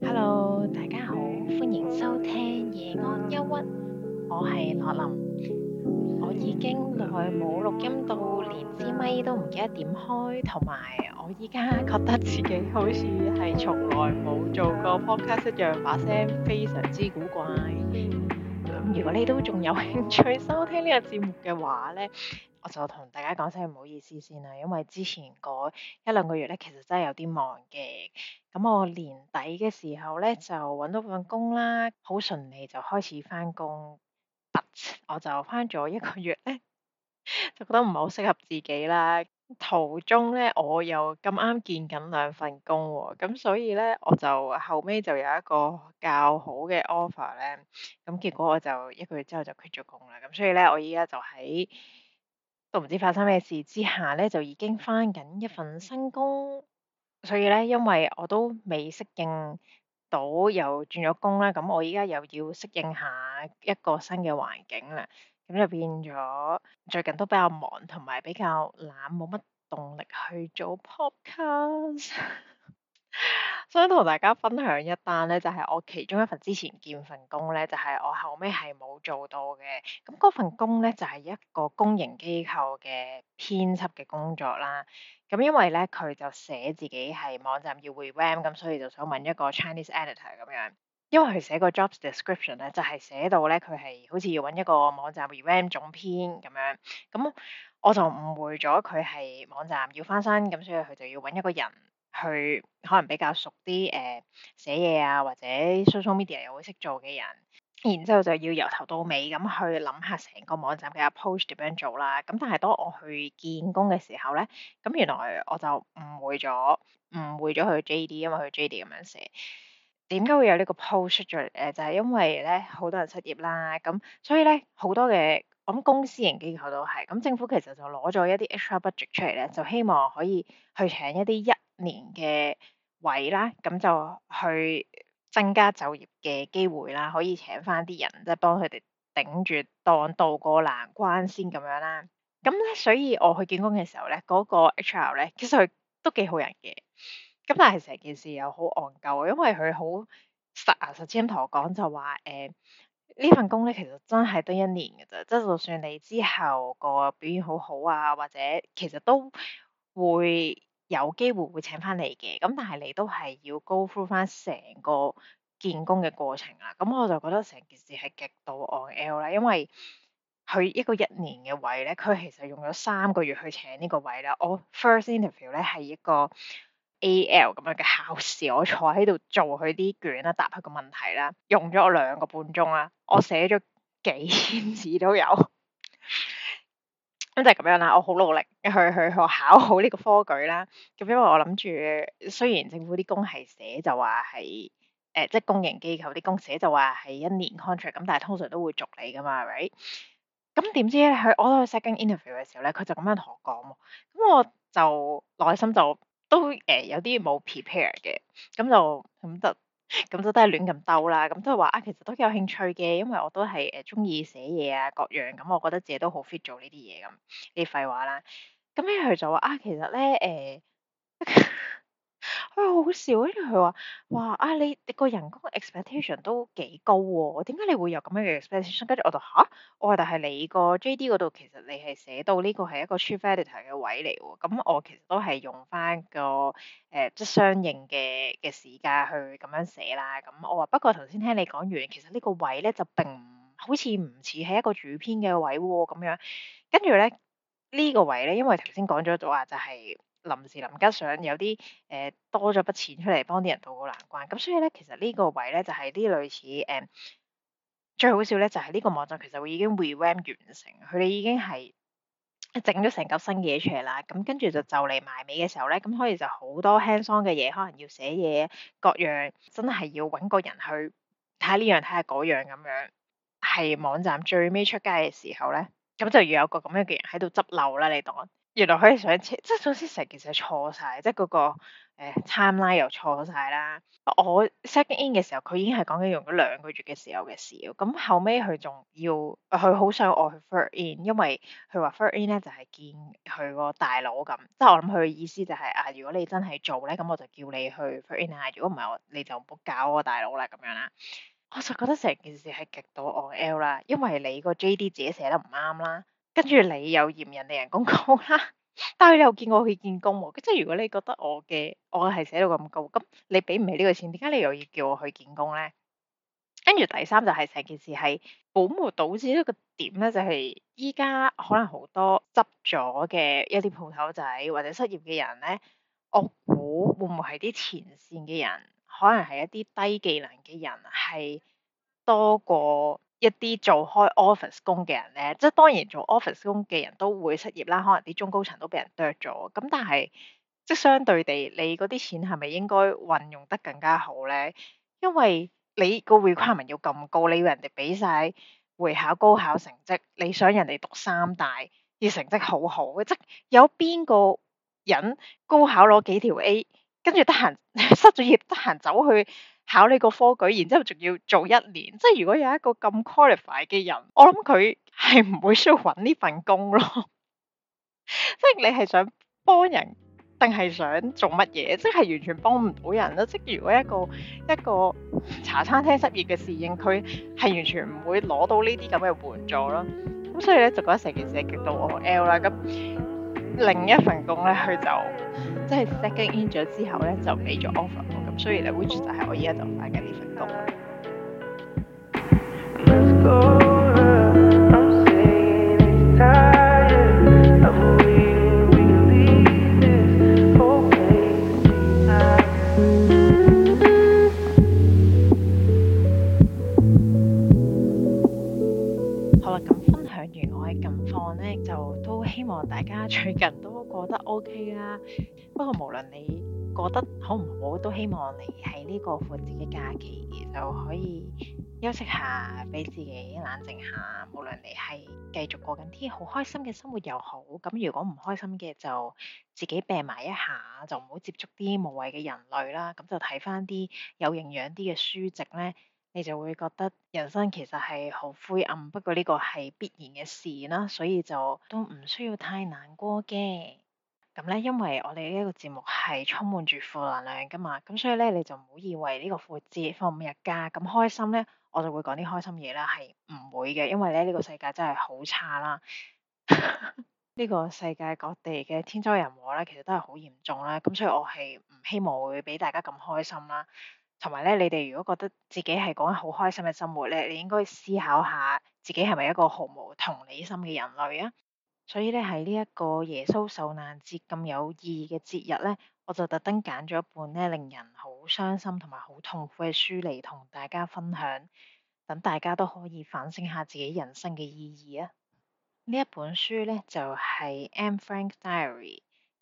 Hello，大家好，歡迎收聽夜安憂鬱，我係樂林，我已經耐冇錄音到。咪都唔記得點開，同埋我依家覺得自己好似係從來冇做過 podcast 一樣，把聲非常之古怪。咁如果你都仲有興趣收聽呢個節目嘅話呢，我就同大家講聲唔好意思先啦，因為之前嗰一兩個月呢，其實真係有啲忙嘅。咁我年底嘅時候呢，就揾到份工啦，好順利就開始翻工，but 我就翻咗一個月呢。就覺得唔係好適合自己啦。途中咧我又咁啱見緊兩份工喎、哦，咁所以咧我就後尾就有一個較好嘅 offer 咧，咁結果我就一個月之後就 quit 咗工啦。咁所以咧我依家就喺都唔知發生咩事之下咧，就已經翻緊一份新工。所以咧，因為我都未適應到又轉咗工啦，咁我依家又要適應下一個新嘅環境啦。咁就變咗，最近都比較忙，同埋比較懶，冇乜動力去做 podcast。 想同大家分享一單咧，就係、是、我其中一份之前見份工咧，就係、是、我後尾係冇做到嘅。咁嗰份工咧就係一個公營機構嘅編輯嘅工作啦。咁因為咧佢就寫自己係網站要會 web 咁，ram，所以就想搵一個 Chinese editor 咁樣。因為佢寫個 job description 咧，就係寫到咧佢係好似要揾一個網站 revamp 總編咁樣，咁我就誤會咗佢係網站要翻身咁，所以佢就要揾一個人去可能比較熟啲誒寫嘢啊，或者 social media 又會識做嘅人，然之後就要由頭到尾咁去諗下成個網站嘅 approach 點樣做啦。咁但係當我去見工嘅時候咧，咁原來我就誤會咗，誤會咗佢 JD，因為佢 JD 咁樣寫。點解會有呢個 post 出咗嚟？誒，就係因為咧，好多人失業啦，咁所以咧，好多嘅，我諗公司型機構都係咁，政府其實就攞咗一啲 HR budget 出嚟咧，就希望可以去請一啲一年嘅位啦，咁就去增加就業嘅機會啦，可以請翻啲人即係幫佢哋頂住，當渡過難關先咁樣啦。咁咧，所以我去見工嘅時候咧，嗰個 HR 咧，其實佢都幾好人嘅。咁但係成件事又好戇鳩啊，因為佢好實啊，實尖同我講，就話誒，呢份工咧，其實真係得一年㗎啫，即係就算你之後個表現好好啊，或者其實都會有機會會請翻你嘅，咁但係你都係要 go through 翻成個見工嘅過程啦。咁、嗯、我就覺得成件事係極度 on L 啦，因為佢一個一年嘅位咧，佢其實用咗三個月去請呢個位啦。我 first interview 咧係一個，A. L. 咁樣嘅考試，我坐喺度做佢啲卷啦，答佢個問題啦，用咗我兩個半鐘啦，我寫咗幾千字都有，咁 就係咁樣啦。我好努力去去去，去考好呢個科舉啦。咁因為我諗住，雖然政府啲工係寫就話係誒，即係公營機構啲工寫就話係一年 contract，咁但係通常都會續你噶嘛，係咪？咁點知咧，佢我去 set interview 嘅時候咧，佢就咁樣同我講，咁我就內心就～都誒、呃、有啲冇 prepare 嘅，咁就咁得，咁就都係亂咁兜啦。咁都係話啊，其實都幾有興趣嘅，因為我都係誒中意寫嘢啊各樣。咁我覺得自己都好 fit 做呢啲嘢咁。你廢話啦。咁咧佢就話啊，其實咧誒。呃 啊、哎，好笑！跟住佢話：哇，啊，你你、這個人工 expectation 都幾高喎、啊？點解你會有咁樣嘅 expectation？跟住我就嚇，我、啊、話但係你個 JD 嗰度其實你係寫到呢個係一個 chief editor 嘅位嚟喎，咁、嗯、我其實都係用翻個誒、呃、即係相應嘅嘅時間去咁樣寫啦。咁、嗯、我話不過頭先聽你講完，其實呢個位咧就並唔好似唔似係一個主編嘅位喎，咁樣。跟住咧呢、這個位咧，因為頭先講咗咗話就係、是。臨時臨急想有啲誒、呃、多咗筆錢出嚟幫啲人渡過難關，咁所以咧其實呢個位咧就係、是、啲類似誒、呃、最好笑咧就係呢個網站其實會已經 rebrand 完成，佢哋已經係整咗成嚿新嘢出嚟啦，咁跟住就就嚟埋尾嘅時候咧，咁可以就好多 hands-on 嘅嘢，可能要寫嘢各樣，真係要揾個人去睇下呢樣睇下嗰樣咁樣，係網站最尾出街嘅時候咧，咁就要有個咁樣嘅人喺度執漏啦，你當。原來可以上車，即係總之成件事錯晒，即係、那、嗰個誒、呃、timeline 又錯晒啦。我 second in 嘅時候，佢已經係講緊用咗兩個月嘅時候嘅事。咁後尾，佢仲要，佢、啊、好想我去 third in，因為佢話 third in 咧就係、是、見佢個大佬咁。即係我諗佢嘅意思就係、是、啊，如果你真係做咧，咁我就叫你去 third in 啊。如果唔係，你就唔好搞我大佬啦咁樣啦。我就覺得成件事係極度 on L 啦，因為你個 JD 自己寫得唔啱啦。跟住你又嫌人哋人工高啦，但係你又叫我去見工喎，即係如果你覺得我嘅我係寫到咁高，咁你俾唔起呢個錢？點解你又要叫我去見工咧？跟住第三就係成件事係本末倒置呢個點咧，就係依家可能好多執咗嘅一啲鋪頭仔或者失業嘅人咧，我估會唔會係啲前線嘅人，可能係一啲低技能嘅人係多過，一啲做開 office 工嘅人咧，即係當然做 office 工嘅人都會失業啦，可能啲中高層都俾人剁咗。咁但係即相對地，你嗰啲錢係咪應該運用得更加好咧？因為你個 requirement 要咁高，你要人哋俾晒會考、高考成績，你想人哋讀三大要成績好好嘅。即有邊個人高考攞幾條 A，跟住得閒失咗業，得閒走去？考你個科舉，然之後仲要做一年，即係如果有一個咁 qualified 嘅人，我諗佢係唔會需要搵呢份工咯。 即係你係想幫人，定係想做乜嘢？即係完全幫唔到人咯。即係如果一個一個茶餐廳失業嘅侍應，佢係完全唔會攞到呢啲咁嘅援助咯。咁所以咧，就覺得成件事係極度 O L 啦。咁。另一份工咧，佢就即係 second in 咗之後咧，就俾咗 offer 喎。咁、hmm. 所以咧，which 就係我依家就揾緊呢份工。Let's go. O K 啦，不過無論你過得好唔好，都希望你喺呢個闊節嘅假期就可以休息下，俾自己冷靜下。無論你係繼續過緊啲好開心嘅生活又好，咁如果唔開心嘅就自己病埋一下，就唔好接觸啲無謂嘅人類啦。咁就睇翻啲有營養啲嘅書籍呢，你就會覺得人生其實係好灰暗。不過呢個係必然嘅事啦，所以就都唔需要太難過嘅。咁咧，因為我哋呢個節目係充滿住負能量㗎嘛，咁所以咧你就唔好以為呢個節日放五日假咁開心咧，我就會講啲開心嘢啦，係唔會嘅，因為咧呢個世界真係好差啦，呢 個世界各地嘅天災人禍咧其實都係好嚴重啦，咁所以我係唔希望會俾大家咁開心啦。同埋咧，你哋如果覺得自己係講緊好開心嘅生活咧，你應該思考下自己係咪一個毫無同理心嘅人類啊！所以咧，喺呢一個耶穌受難節咁有意義嘅節日咧，我就特登揀咗一本咧令人好傷心同埋好痛苦嘅書嚟同大家分享，等大家都可以反省下自己人生嘅意義啊！呢一本書咧就係《Anne Frank Diary》。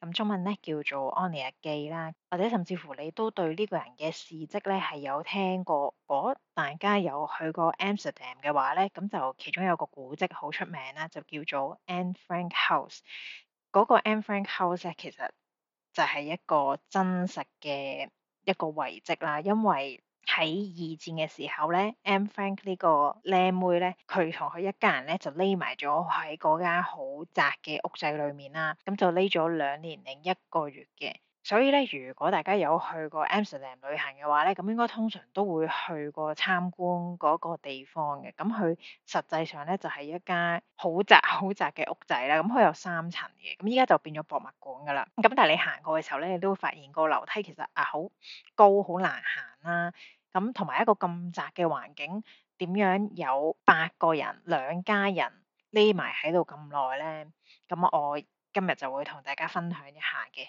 咁中文咧叫做 on 安妮日記啦，或者甚至乎你都對呢個人嘅事蹟咧係有聽過。如果大家有去過 Amsterdam 嘅話咧，咁就其中有個古蹟好出名啦，就叫做 Anne Frank House。嗰個 Anne Frank House 呢，其實就係一個真實嘅一個遺蹟啦，因為喺二戰嘅時候咧，M. Frank 呢個靚妹咧，佢同佢一家人咧就匿埋咗喺嗰間好窄嘅屋仔裏面啦，咁就匿咗兩年零一個月嘅。所以咧，如果大家有去過 Amsterdam 旅行嘅話咧，咁應該通常都會去過參觀嗰個地方嘅。咁佢實際上咧就係一間好窄好窄嘅屋仔啦。咁佢有三層嘅，咁依家就變咗博物館㗎喇。咁但係你行過嘅時候咧，你都會發現個樓梯其實啊好高好難行啦。咁同埋一個咁窄嘅環境，點樣有八個人兩家人匿埋喺度咁耐咧？咁我今日就會同大家分享一下嘅。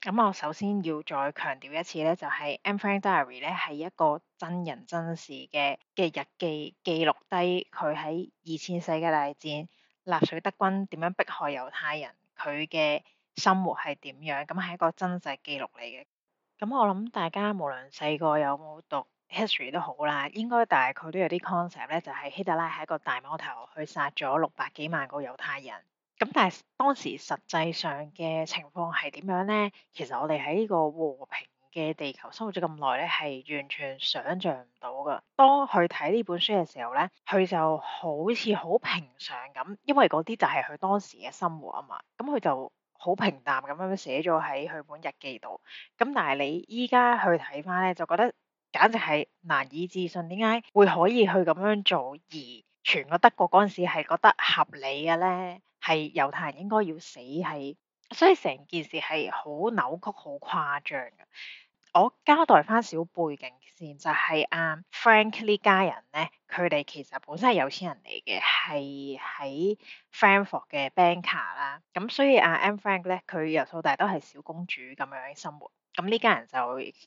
咁、嗯、我首先要再強調一次咧，就係、是《M. Frank Diary》咧，係一個真人真事嘅嘅日記，記錄低佢喺二千世界大戰納粹德軍點樣迫害猶太人，佢嘅生活係點樣，咁係一個真實記錄嚟嘅。咁、嗯、我諗大家無論細個有冇讀 History 都好啦，應該大概都有啲 concept 咧，就係、是、希特拉係一個大魔頭，佢殺咗六百幾萬個猶太人。咁但係當時實際上嘅情況係點樣咧？其實我哋喺呢個和平嘅地球生活咗咁耐咧，係完全想像唔到噶。當佢睇呢本書嘅時候咧，佢就好似好平常咁，因為嗰啲就係佢當時嘅生活啊嘛。咁佢就好平淡咁樣寫咗喺佢本日記度。咁但係你依家去睇翻咧，就覺得簡直係難以置信，點解會可以去咁樣做，而全個德國嗰陣時係覺得合理嘅咧？係猶太人應該要死係，所以成件事係好扭曲、好誇張嘅。我交代翻小背景先，就係阿 Frank 呢家人咧，佢哋其實本身係有錢人嚟嘅，係喺 Frankfurt 嘅 banker 啦。咁所以阿 Am Frank 咧，佢由細到大都係小公主咁樣生活。咁呢家人就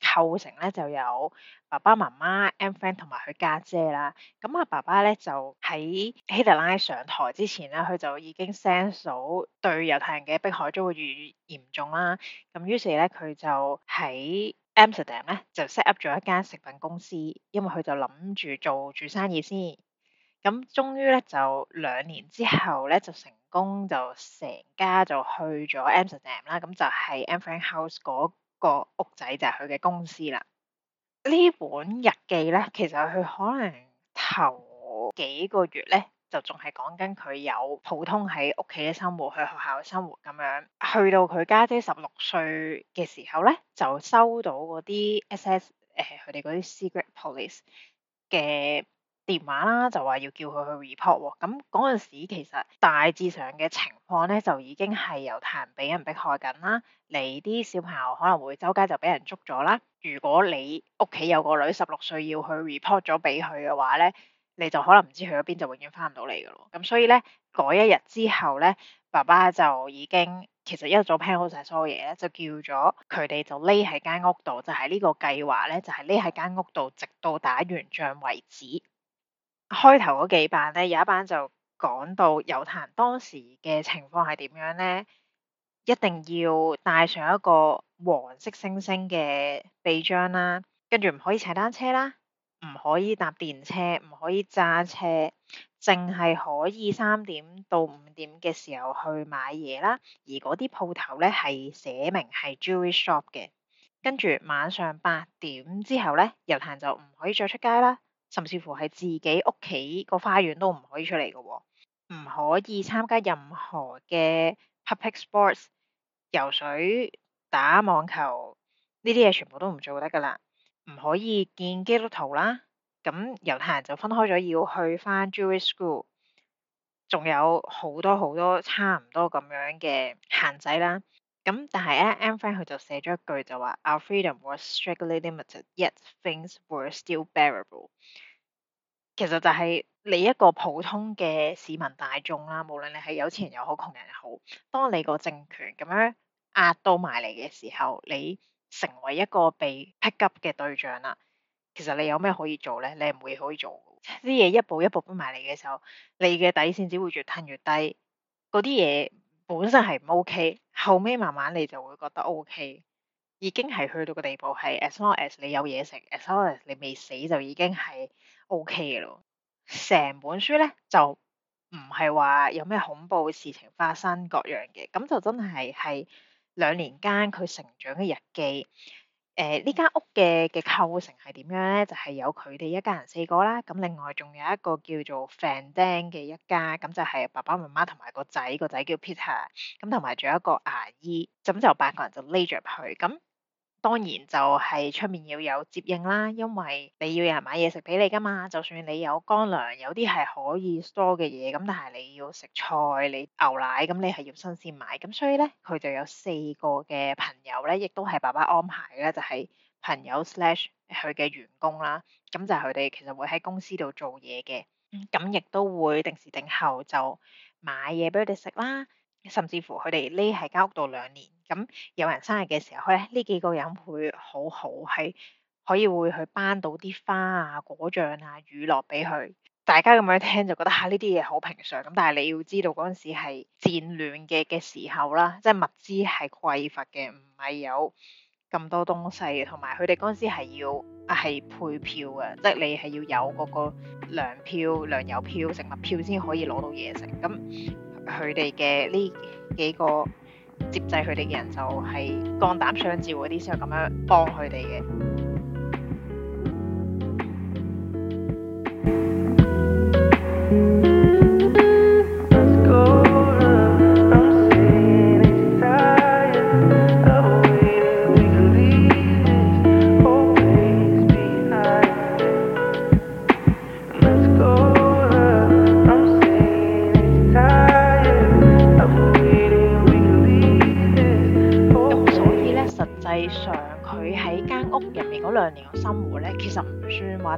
構成咧就有爸爸媽媽 Am Frank 同埋佢家姐啦。咁阿爸爸咧就喺希特拉上台之前咧，佢就已經 sense 到對猶太人嘅迫害將會越嚴重啦。咁於是咧，佢就喺 Amsterdam 咧就 set up 咗一間食品公司，因為佢就諗住做住生意先。咁終於咧就兩年之後咧就成功就成家就去咗 Amsterdam 啦，咁就係 Anne Frank House 嗰個屋仔就係佢嘅公司啦。呢本日記咧，其實佢可能頭幾個月咧。就仲係講緊佢有普通喺屋企嘅生活，去學校嘅生活咁樣，去到佢家姐十六歲嘅時候咧，就收到嗰啲 S S 誒、欸、佢哋嗰啲 Secret Police 嘅電話啦，就話要叫佢去 report 喎、啊。咁嗰陣時其實大致上嘅情況咧，就已經係猶太人俾人迫害緊啦。你啲小朋友可能會周街就俾人捉咗啦。如果你屋企有個女十六歲要去 report 咗俾佢嘅話咧。你就可能唔知去咗邊，就永遠翻唔到嚟噶咯，咁所以咧，嗰一日之後咧，爸爸就已經其實一早 plan 好晒所有嘢咧，就叫咗佢哋就匿喺間屋度，就係呢個計劃咧就係匿喺間屋度，直到打完仗為止。開頭嗰幾版咧，有一版就講到猶太人當時嘅情況係點樣咧，一定要帶上一個黃色星星嘅臂章啦，跟住唔可以踩單車啦。唔可以搭電車，唔可以揸車，淨係可以三點到五點嘅時候去買嘢啦。而嗰啲鋪頭咧係寫明係 Jewish shop 嘅。跟住晚上八點之後咧，遊行就唔可以再出街啦。甚至乎係自己屋企個花園都唔可以出嚟嘅喎，唔可以參加任何嘅 public sports，游水、打網球呢啲嘢全部都唔做得㗎啦。唔可以見基督徒啦，咁猶太人就分開咗要去返 Jewish school，仲有好多好多差唔多咁樣嘅限制啦。咁但係 Anne Frank 佢就寫咗一句就話 Our freedom was strictly limited, yet things were still bearable。其實就係你一個普通嘅市民大眾啦，無論你係有錢人又好，窮人又好，當你個政權咁樣壓到埋嚟嘅時候，你，成為一個被 pick up 嘅對象啦，其實你有咩可以做咧？你唔會可以做嘅。啲嘢一步一步搬埋嚟嘅時候，你嘅底線只會越褪越低。嗰啲嘢本身係唔 OK，後尾慢慢你就會覺得 OK。已經係去到個地步係 as long as 你有嘢食，as long as 你未死就已經係 OK 咯。成本書咧就唔係話有咩恐怖事情發生各樣嘅，咁就真係係。兩年間佢成長嘅日記，誒呢間屋嘅嘅構成係點樣咧？就係、是、有佢哋一家人四個啦，咁另外仲有一個叫做 Van Daan 嘅一家，咁就係爸爸媽媽同埋個仔，個仔叫 Peter，咁同埋仲有一個牙醫，咁就八個人就匿咗入去咁。當然就係出面要有接應啦，因為你要有人買嘢食俾你㗎嘛。就算你有乾糧，有啲係可以 store 嘅嘢，咁但係你要食菜、你牛奶，咁你係要新鮮買。咁所以咧，佢就有四個嘅朋友咧，亦都係爸爸安排嘅，就係、是、朋友 slash 佢嘅員工啦。咁就係佢哋其實會喺公司度做嘢嘅，咁亦都會定時定候就買嘢俾佢哋食啦。甚至乎佢哋匿喺間屋度兩年。咁有人生日嘅時候，咧呢幾個人會好好係可以會去班到啲花啊、果醬啊、乳酪俾佢。大家咁樣聽就覺得嚇呢啲嘢好平常。咁但係你要知道嗰陣時係戰亂嘅嘅時候啦，即係物資係匱乏嘅，唔係有咁多東西。同埋佢哋嗰陣時係要係配票嘅，即係你係要有嗰個糧票、糧油票、食物票先可以攞到嘢食。咁佢哋嘅呢幾個。接濟佢哋嘅人就係肝膽相照嗰啲先係咁樣幫佢哋嘅。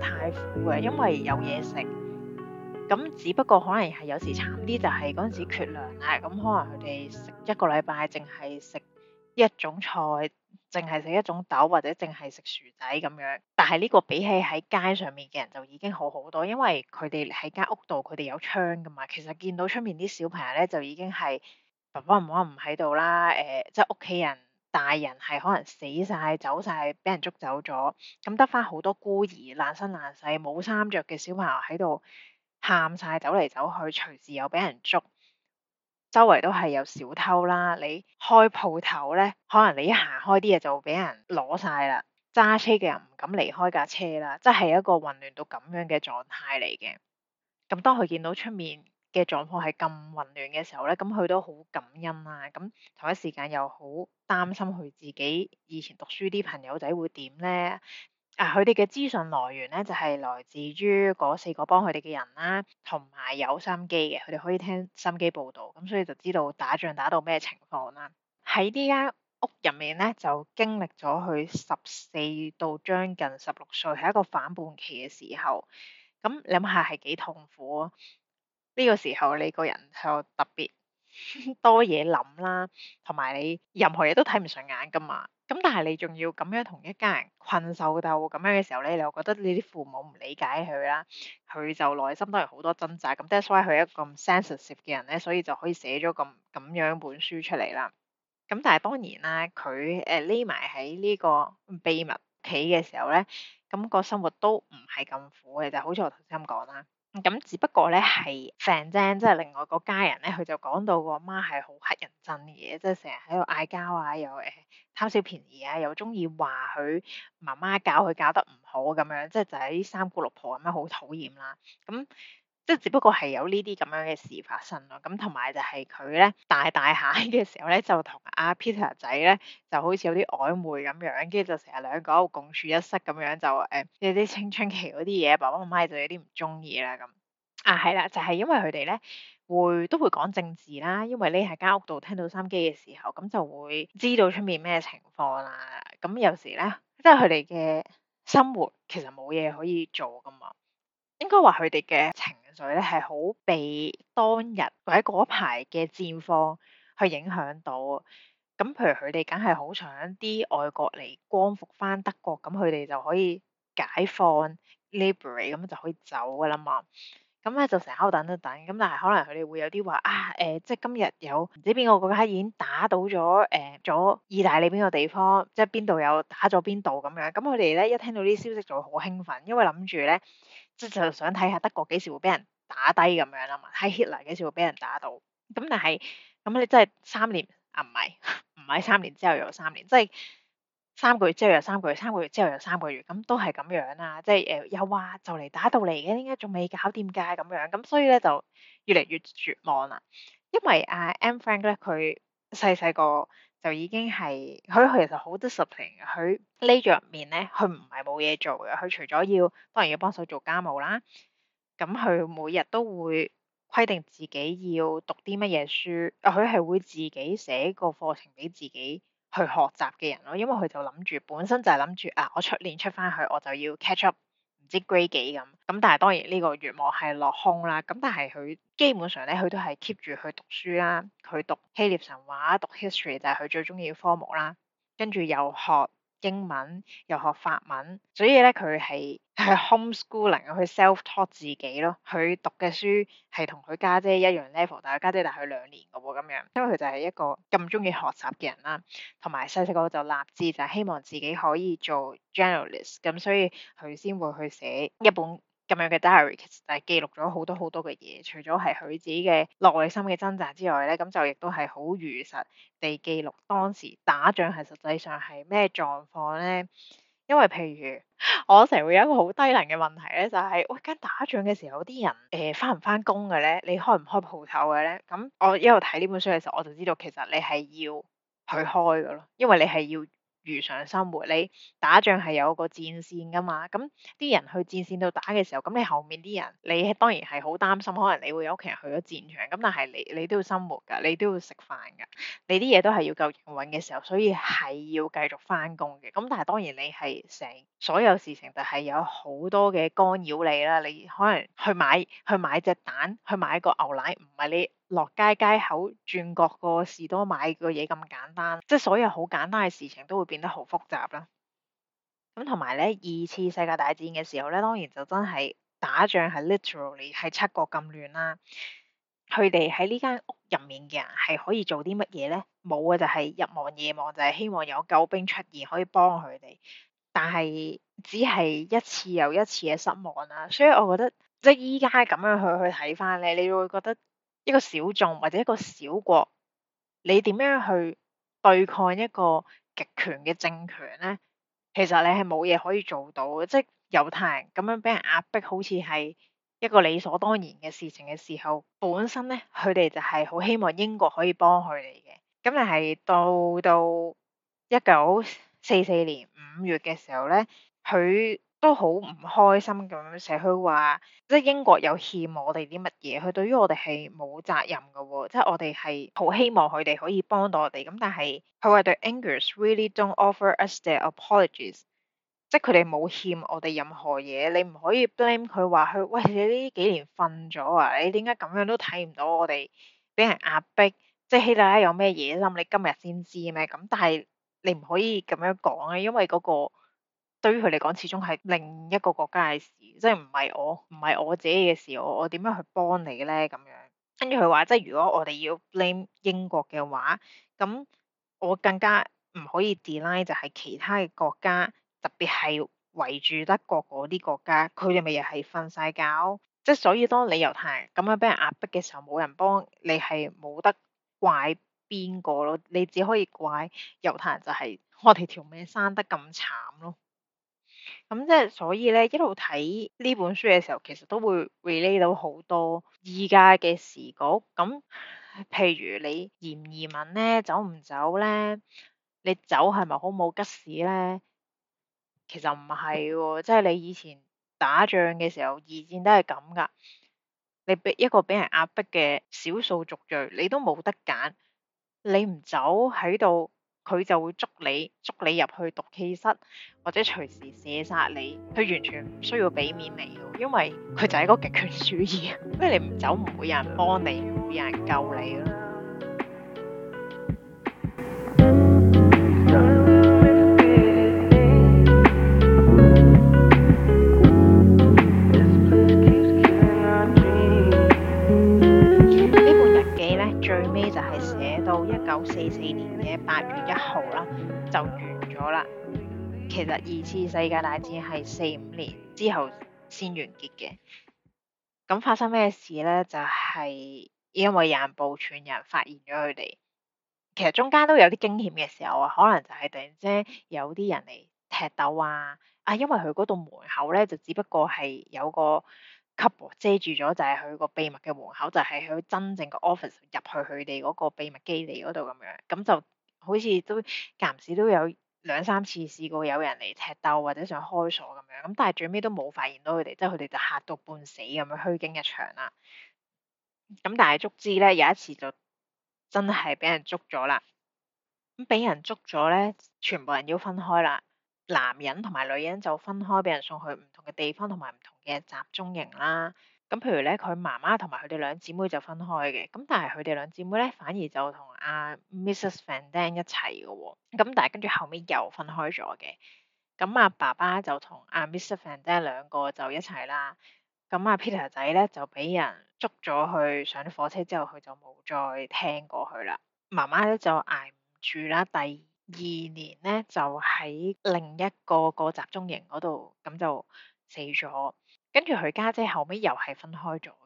太苦嘅，因為有嘢食。咁只不過可能係有時慘啲就係嗰陣時缺糧啦。咁可能佢哋食一個禮拜淨係食一種菜，淨係食一種豆或者淨係食薯仔咁樣。但係呢個比起喺街上面嘅人就已經好好多，因為佢哋喺間屋度，佢哋有窗㗎嘛。其實見到出面啲小朋友咧，就已經係爸爸媽媽唔喺度啦。誒、呃，即係屋企人。大人係可能死晒、走晒、俾人捉走咗，咁得翻好多孤兒、爛身爛世、冇衫着嘅小朋友喺度喊晒走嚟走去，隨時又俾人捉。周圍都係有小偷啦，你開鋪頭咧，可能你一行開啲嘢就俾人攞晒啦。揸車嘅人唔敢離開架車啦，即係一個混亂到咁樣嘅狀態嚟嘅。咁當佢見到出面嘅狀況係咁混亂嘅時候咧，咁佢都好感恩啊！咁同一時間又好擔心佢自己以前讀書啲朋友仔會點咧？啊，佢哋嘅資訊來源咧就係、是、來自於嗰四個幫佢哋嘅人啦、啊，同埋有心機嘅，佢哋可以聽心機報道，咁所以就知道打仗打到咩情況啦、啊。喺呢間屋入面咧，就經歷咗佢十四到將近十六歲，係一個反叛期嘅時候。咁你諗下係幾痛苦啊！呢個時候你個人就特別多嘢諗啦，同埋你任何嘢都睇唔順眼噶嘛。咁但係你仲要咁樣同一家人困獸鬥咁樣嘅時候咧，你又覺得你啲父母唔理解佢啦，佢就內心都係好多掙扎。咁所以佢一個咁 sensitive 嘅人咧，所以就可以寫咗咁咁樣本書出嚟啦。咁但係當然啦，佢誒匿埋喺呢個秘密企嘅時候咧，咁、個生活都唔係咁苦嘅，就好似我頭先咁講啦。咁只不過咧係 f 正，即係另外個家人咧，佢就講到個媽係好乞人憎嘅，即係成日喺度嗌交啊，又誒貪、欸、小便宜啊，又鍾意話佢媽媽教佢教得唔好咁樣，即係就係啲三姑六婆咁樣好討厭啦，咁、嗯。即係只不過係有呢啲咁樣嘅事發生咯，咁同埋就係佢咧大大下嘅時候咧，就同阿 Peter 仔咧就好似有啲曖昧咁樣，跟住就成日兩個喺度共處一室咁樣就誒、欸、有啲青春期嗰啲嘢，爸爸媽媽就有啲唔中意啦咁。啊，係啦，就係、是、因為佢哋咧會都會講政治啦，因為你喺間屋度聽到收音機嘅時候，咁就會知道出面咩情況啊。咁有時咧，即係佢哋嘅生活其實冇嘢可以做噶嘛，應該話佢哋嘅情。所以咧係好被當日或者嗰排嘅戰況去影響到，咁譬如佢哋梗係好想啲外國嚟光復翻德國，咁佢哋就可以解放 liberate，咁就可以走噶啦嘛。咁咧就成日喺度等，等，咁但係可能佢哋會有啲話啊，誒、呃，即係今日有唔知邊個國家已經打到咗誒咗意大利邊個地方，即係邊度有打咗邊度咁樣，咁佢哋咧一聽到啲消息就會好興奮，因為諗住咧。即就想睇下德國幾時會俾人打低咁樣啦嘛，喺 Hitler 幾時會俾人打到？咁但係咁你真係三年啊，唔係唔係三年之後又三年，即係三個月之後又三個月，三個月之後又三個月，咁都係咁樣啦。即係誒又話就嚟打到嚟嘅，點解仲未搞掂㗎咁樣？咁所以咧就越嚟越絕望啦。因為阿 M Frank 咧佢細細個。就已經係佢，佢其實好 discipline，佢匿住入面咧，佢唔係冇嘢做嘅。佢除咗要當然要幫手做家務啦，咁佢每日都會規定自己要讀啲乜嘢書。佢係會自己寫個課程俾自己去學習嘅人咯。因為佢就諗住，本身就係諗住啊，我出年出翻去我就要 catch up。啲 grade 幾咁，咁但係當然呢個願望係落空啦。咁但係佢基本上咧，佢都係 keep 住去讀書啦。佢讀希臘神話、讀 history 就係佢最中意嘅科目啦。跟住又學。英文又學法文，所以咧佢係係 homeschooling，佢、er, self-taught 自己咯。佢讀嘅書係同佢家姐一樣 level，但佢家姐，姐大佢兩年嘅喎咁樣。因為佢就係一個咁中意學習嘅人啦，同埋細細個就立志就係、希望自己可以做 journalist，咁所以佢先會去寫一本。咁樣嘅 diary 其實係記錄咗好多好多嘅嘢，除咗係佢自己嘅內心嘅掙扎之外咧，咁就亦都係好如實地記錄當時打仗係實際上係咩狀況咧。因為譬如我成日會有一個好低能嘅問題咧、就係，就係喂，咁打仗嘅時候啲人誒翻唔翻工嘅咧？你開唔開鋪頭嘅咧？咁我一路睇呢本書嘅時候，我就知道其實你係要佢開嘅咯，因為你係要。如常生活，你打仗係有個戰線㗎嘛？咁啲人去戰線度打嘅時候，咁你後面啲人，你當然係好擔心，可能你會有屋企人去咗戰場。咁但係你你都要生活㗎，你都要食飯㗎，你啲嘢都係要夠營運嘅時候，所以係要繼續返工嘅。咁但係當然你係成所有事情就係有好多嘅干擾你啦。你可能去買去買隻蛋，去買一個牛奶唔係你。落街街口轉角個士多買個嘢咁簡單，即係所有好簡單嘅事情都會變得好複雜啦。咁同埋咧，二次世界大戰嘅時候咧，當然就真係打仗係 literally 係七國咁亂啦。佢哋喺呢間屋入面嘅人係可以做啲乜嘢咧？冇嘅就係日望夜望，就係希望有救兵出現可以幫佢哋，但係只係一次又一次嘅失望啦。所以我覺得即係依家咁樣去去睇返咧，你會覺得。一個小眾或者一個小國，你點樣去對抗一個極權嘅政權咧？其實你係冇嘢可以做到嘅，即係猶太人咁樣俾人壓迫，好似係一個理所當然嘅事情嘅時候，本身咧佢哋就係好希望英國可以幫佢哋嘅。咁你係到到一九四四年五月嘅時候咧，佢。都好唔開心咁樣寫，佢話即係英國有欠我哋啲乜嘢，佢對於我哋係冇責任嘅喎，即係我哋係好希望佢哋可以幫到我哋。咁但係佢話對 English，really don't offer us their apologies，即係佢哋冇欠我哋任何嘢。你唔可以 blame 佢話佢喂，你呢幾年瞓咗啊，你點解咁樣都睇唔到我哋俾人壓迫。」即係希拉拉有咩嘢，咁你今日先知咩？咁但係你唔可以咁樣講啊，因為嗰、那個。對於佢嚟講，始終係另一個國家嘅事，即係唔係我唔係我自己嘅事。我我點樣去幫你咧咁樣？跟住佢話，即係如果我哋要 blame 英國嘅話，咁我更加唔可以 deny 就係其他嘅國家，特別係圍住德國嗰啲國家，佢哋咪又係瞓晒覺。即係所以當你猶太人咁樣俾人壓迫嘅時候，冇人幫你係冇得怪邊個咯，你只可以怪猶太人就係我哋條命生得咁慘咯。咁即係所以咧，一路睇呢本書嘅時候，其實都會 relate 到好多依家嘅時局。咁、嗯、譬如你嫌移民咧走唔走咧？你走係咪好冇吉事咧？其實唔係喎，即係你以前打仗嘅時候，二戰都係咁㗎。你俾一個俾人壓迫嘅少數族裔，你都冇得揀。你唔走喺度。佢就會捉你，捉你入去毒氣室，或者隨時射殺你。佢完全唔需要俾面你，因為佢就係一個極權主義。 因為你唔走，唔會有人幫你，唔會有人救你啦。九四四年嘅八月一號啦，就完咗啦。其實二次世界大戰係四五年之後先完結嘅。咁發生咩事咧？就係、是、因為有人報串，人發現咗佢哋。其實中間都有啲驚險嘅時候啊，可能就係突然之間有啲人嚟踢竇啊啊！因為佢嗰度門口咧，就只不過係有個。級喎遮住咗，就係佢個秘密嘅門口，就係、是、佢真正個 office 入去佢哋嗰個秘密基地嗰度咁樣。咁就好似都暫時都有兩三次試過有人嚟踢鬥或者想開鎖咁樣，咁但係最尾都冇發現到佢哋，即係佢哋就嚇到半死咁樣虛驚一場啦。咁但係足之咧有一次就真係俾人捉咗啦。咁俾人捉咗咧，全部人要分開啦。男人同埋女人就分開，畀人送去唔同嘅地方同埋唔同嘅集中營啦。咁譬如咧，佢媽媽同埋佢哋兩姊妹就分開嘅。咁但係佢哋兩姊妹咧，反而就同阿 Mrs. Van Daan 一齊嘅喎。咁但係跟住後面又分開咗嘅。咁阿爸爸就同阿 Mr. Van Daan 兩個就一齊啦。咁阿 Peter 仔咧就畀人捉咗去上咗火車之後，佢就冇再聽過去啦。媽媽咧就捱唔住啦，第二年咧就喺另一個個集中營嗰度，咁就死咗。跟住佢家姐後尾又係分開咗嘅，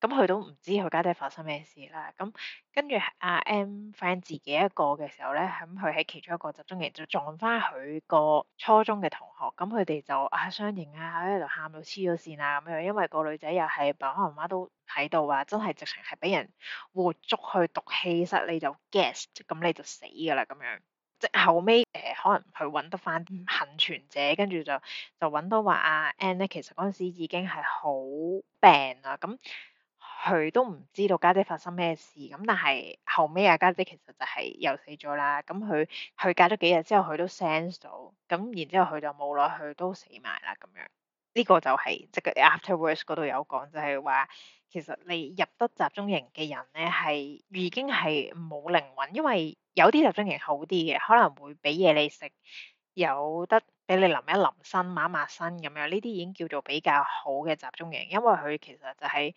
咁佢都唔知佢家姐，姐發生咩事啦。咁跟住阿 M friend 自己一個嘅時候咧，咁佢喺其中一個集中營就撞翻佢個初中嘅同學，咁佢哋就啊相認啊喺度喊到黐咗線啊咁樣，因為個女仔又係爸爸媽媽都喺度話，真係直情係俾人活捉去毒氣室，你就 gas 咁你就死噶啦咁樣。即後尾，呃、可能佢揾得翻幸存者，跟住就就揾到話阿 Ann 咧，其實嗰陣時已經係好病啦，咁佢都唔知道家姐，姐發生咩事，咁但係後尾，啊，阿家姐其實就係又死咗啦，咁佢佢隔咗幾日之後，佢都 sense 到，咁然之後佢就冇耐，去，都死埋啦咁樣。呢個就係即個 Afterwards 嗰度有講，就係話其實你入得集中營嘅人咧，係已經係冇靈魂，因為有啲集中營好啲嘅，可能會俾嘢你食，有得俾你淋一淋身，抹一抹身咁樣，呢啲已經叫做比較好嘅集中營，因為佢其實就係。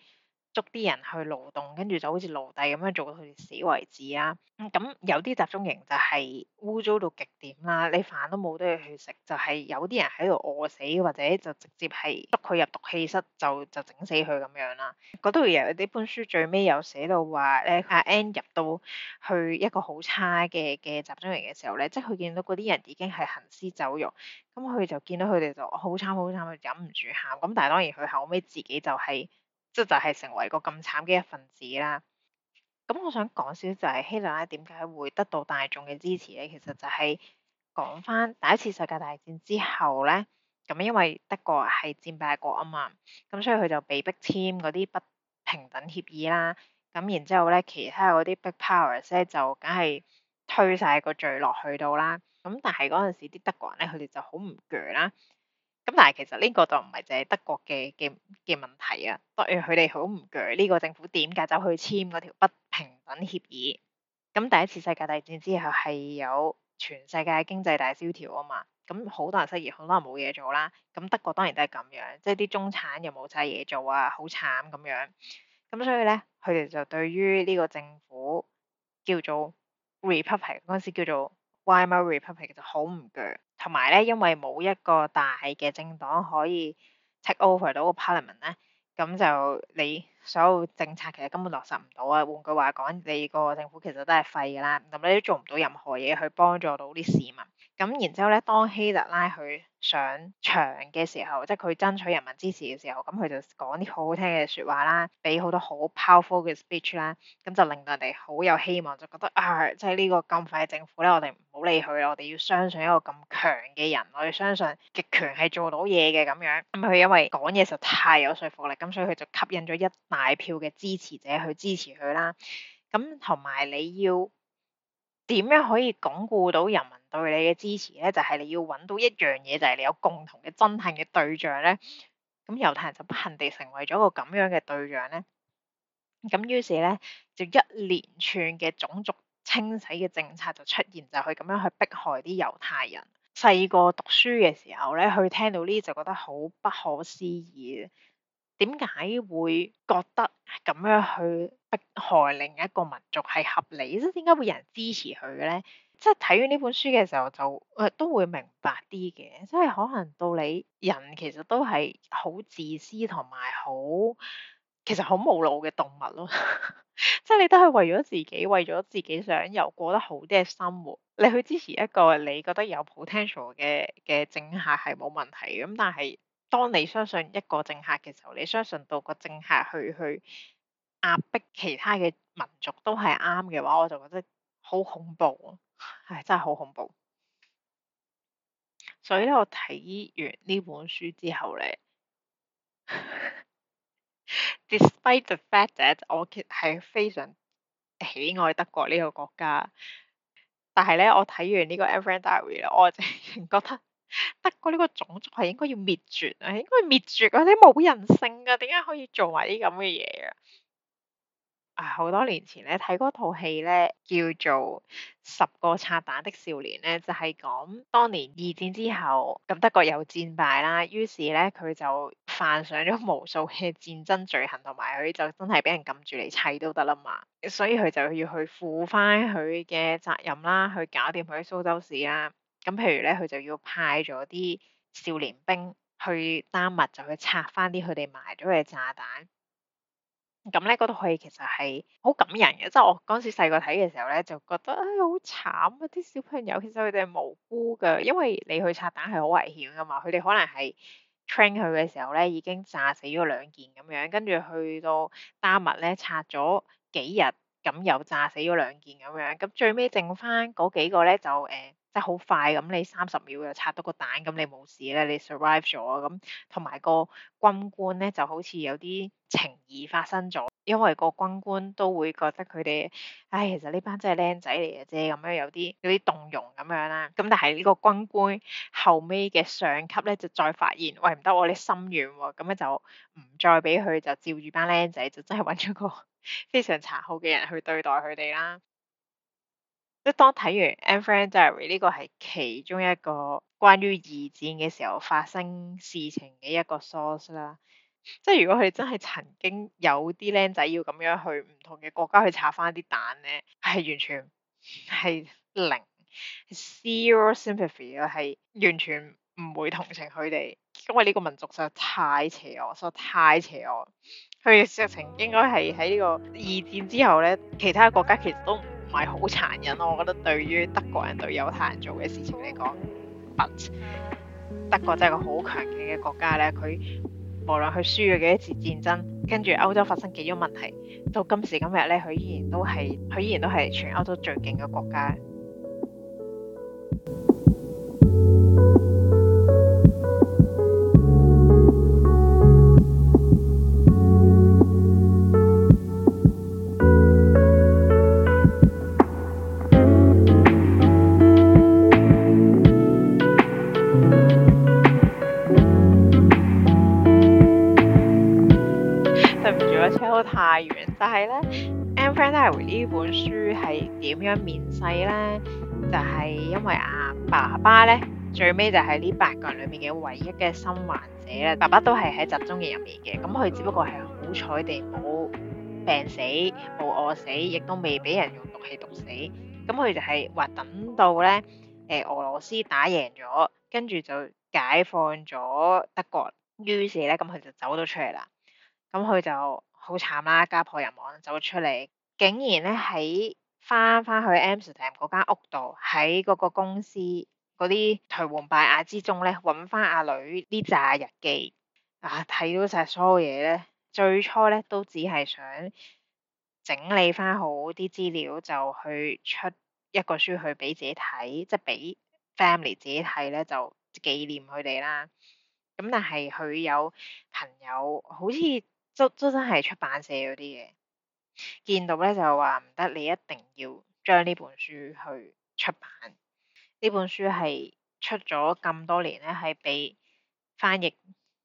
捉啲人去勞動，跟住就好似奴隸咁樣做到佢哋死為止啊！咁有啲集中營就係污糟到極點啦，你飯都冇得嘢去食，就係、是、有啲人喺度餓死，或者就直接係捉佢入毒氣室就就整死佢咁樣啦。嗰度又啲本書最尾有寫到話咧，阿 Ann 入到去一個好差嘅嘅集中營嘅時候咧，即係佢見到嗰啲人已經係行屍走肉，咁佢就見到佢哋就好慘好慘，佢忍唔住喊。咁但係當然佢後尾自己就係、是。即就係成為一個咁慘嘅一份子啦。咁我想講少少就係希特勒點解會得到大眾嘅支持咧？其實就係講翻第一次世界大戰之後咧，咁因為德國係戰敗國啊嘛，咁所以佢就被逼簽嗰啲不平等協議啦。咁然之後咧，其他嗰啲 big powers 咧就梗係推晒個罪落去到啦。咁但係嗰陣時啲德國人咧，佢哋就好唔攰啦。咁但係其實呢個就唔係淨係德國嘅嘅嘅問題啊，當然佢哋好唔鋸呢個政府點解走去簽嗰條不平等協議？咁第一次世界大戰之後係有全世界經濟大蕭條啊嘛，咁好多人失業，好多人冇嘢做啦。咁德國當然都係咁樣，即係啲中產又冇晒嘢做啊，好慘咁樣。咁所以咧，佢哋就對於呢個政府叫做 Republic 嗰陣時叫做。Weimar Republic 就好唔鋸，同埋咧，因為冇一個大嘅政黨可以 take over 到個 Parliament 咧，咁就你所有政策其實根本落實唔到啊！換句話講，你個政府其實都係廢噶啦，咁你都做唔到任何嘢去幫助到啲市民。咁然之後咧，當希特拉佢上場嘅時候，即係佢爭取人民支持嘅時候，咁佢就講啲好好聽嘅説話啦，俾好多好 powerful 嘅 speech 啦，咁就令到人哋好有希望，就覺得啊，即係呢個咁快嘅政府咧，我哋唔好理佢，我哋要相信一個咁強嘅人，我哋相信極權係做到嘢嘅咁樣。咁佢因為講嘢實在太有說服力，咁所以佢就吸引咗一大票嘅支持者去支持佢啦。咁同埋你要點樣可以鞏固到人民？對你嘅支持咧，就係、是、你要揾到一樣嘢，就係、是、你有共同嘅憎恨嘅對象咧。咁、嗯、猶太人就不幸地成為咗個咁樣嘅對象咧。咁、嗯、於是咧，就一連串嘅種族清洗嘅政策就出現，就去咁樣去迫害啲猶太人。細個讀書嘅時候咧，佢聽到呢就覺得好不可思議。點解會覺得咁樣去迫害另一個民族係合理？即係點解會有人支持佢嘅咧？即係睇完呢本書嘅時候就，誒、呃、都會明白啲嘅，即係可能到你人其實都係好自私同埋好，其實好冇腦嘅動物咯， 即係你都係為咗自己，為咗自己想有過得好啲嘅生活，你去支持一個你覺得有 potential 嘅嘅政客係冇問題嘅，咁但係當你相信一個政客嘅時候，你相信到個政客去去壓迫其他嘅民族都係啱嘅話，我就覺得。好恐怖，唉、哎，真係好恐怖。所以咧，我睇完呢本書之後咧 ，despite the fact that 我係非常喜愛德國呢個國家，但係咧，我睇完呢、這個《Anne Frank Diary》咧，我就覺得德國呢個種族係應該要滅絕啊，應該滅絕啊，啲冇人性啊，點解可以做埋啲咁嘅嘢啊？啊，好多年前咧睇套戲咧，叫做《十個拆彈的少年》咧，就係講當年二戰之後咁德國又戰敗啦，於是咧佢就犯上咗無數嘅戰爭罪行，同埋佢就真係俾人撳住嚟砌都得啦嘛，所以佢就要去負翻佢嘅責任啦，去搞掂佢喺蘇州市啦。咁譬如咧，佢就要派咗啲少年兵去丹麥，就去拆翻啲佢哋埋咗嘅炸彈。咁咧嗰度係其實係好感人嘅，即係我嗰陣時細個睇嘅時候咧，就覺得啊好慘啊！啲小朋友其實佢哋係無辜㗎，因為你去拆彈係好危險噶嘛，佢哋可能係 train 佢嘅時候咧已經炸死咗兩件咁樣，跟住去到丹麥咧拆咗幾日，咁又炸死咗兩件咁樣，咁最尾剩翻嗰幾個咧就誒。欸即好快，咁你三十秒又拆到個蛋，咁你冇事咧，你 survive 咗咁，同埋個軍官咧就好似有啲情意發生咗，因為個軍官都會覺得佢哋，唉、哎，其實呢班真係僆仔嚟嘅啫，咁樣有啲有啲動容咁樣啦。咁但係呢個軍官後尾嘅上級咧就再發現，喂唔得，你、哦、心軟喎、哦，咁咧就唔再俾佢就照住班僆仔就真係揾咗個非常殘酷嘅人去對待佢哋啦。即係當睇完《Anne Frank Diary》呢個係其中一個關於二戰嘅時候發生事情嘅一個 source 啦。即係如果佢哋真係曾經有啲僆仔要咁樣去唔同嘅國家去查翻啲蛋咧，係完全係零，zero sympathy 啊，係完全唔會同情佢哋。因為呢個民族實在太邪惡，實在太邪惡。佢嘅實情應該係喺呢個二戰之後咧，其他國家其實都唔係好殘忍咯。我覺得對於德國人對猶太人做嘅事情嚟講，But 德國真係個好強勁嘅國家咧。佢無論佢輸咗幾多次戰爭，跟住歐洲發生幾多問題，到今時今日咧，佢依然都係，佢依然都係全歐洲最勁嘅國家。但係咧，《Am Friend》呢本書係點樣面世呢？就係因為阿爸爸呢，最尾就係呢八個人裏面嘅唯一嘅生還者啦。爸爸都係喺集中營入面嘅，咁佢只不過係好彩地冇病死、冇餓死，亦都未俾人用毒氣毒死。咁佢就係話等到呢，誒俄羅斯打贏咗，跟住就解放咗德國，於是呢，咁佢就走咗出嚟啦。咁佢就。好慘啦！家破人亡，走出嚟，竟然咧，喺翻翻去 Amsterdam 嗰間屋度，喺嗰個公司嗰啲頹垣敗瓦之中咧，揾翻阿女呢紮日記啊，睇到晒所有嘢咧。最初咧都只係想整理翻好啲資料，就去出一個書去俾自己睇，即係俾 family 自己睇咧，就紀念佢哋啦。咁但係佢有朋友好似～都都真係出版社嗰啲嘢，見到咧就話唔得，你一定要將呢本書去出版。呢本書係出咗咁多年咧，係被翻譯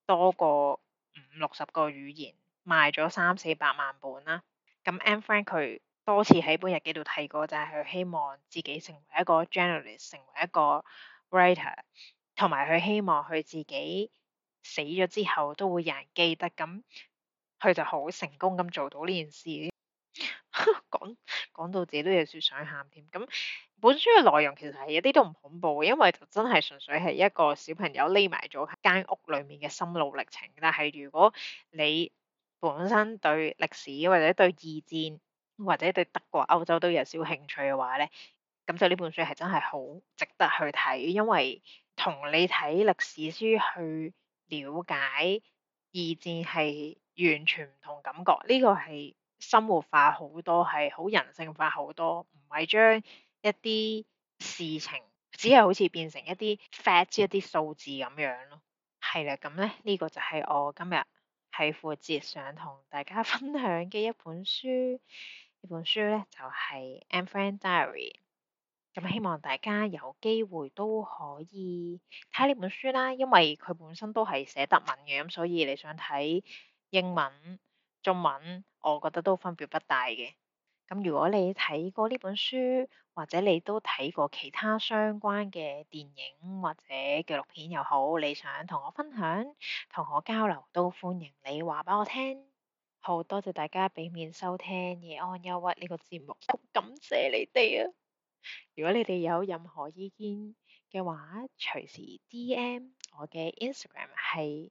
多過五六十個語言，賣咗三四百萬本啦。咁 Anne Frank 佢多次喺本日記度提過，就係、是、佢希望自己成為一個 journalist，成為一個 writer，同埋佢希望佢自己死咗之後都會有人記得咁。佢就好成功咁做到呢件事， 講講到自己都有啲想喊添。咁本書嘅內容其實係一啲都唔恐怖，因為就真係純粹係一個小朋友匿埋咗間屋裏面嘅心路歷程。但係如果你本身對歷史或者對二戰或者對德國歐洲都有少少興趣嘅話咧，咁就呢本書係真係好值得去睇，因為同你睇歷史書去了解二戰係完全唔同感覺，呢、這個係生活化好多，係好人性化好多，唔係將一啲事情只係好似變成一啲 fact 一啲數字咁樣咯。係啦，咁咧呢、這個就係我今日係節上同大家分享嘅一本書。呢本書咧就係、是《M Friend Diary》。咁希望大家有機會都可以睇呢本書啦，因為佢本身都係寫德文嘅，咁所以你想睇。英文、中文，我覺得都分別不大嘅。咁如果你睇過呢本書，或者你都睇過其他相關嘅電影或者紀錄片又好，你想同我分享、同我交流都歡迎你話畀我聽。好多謝大家俾面收聽《夜安憂鬱》呢個節目，感謝你哋啊！如果你哋有任何意見嘅話，隨時 D M 我嘅 Instagram 係。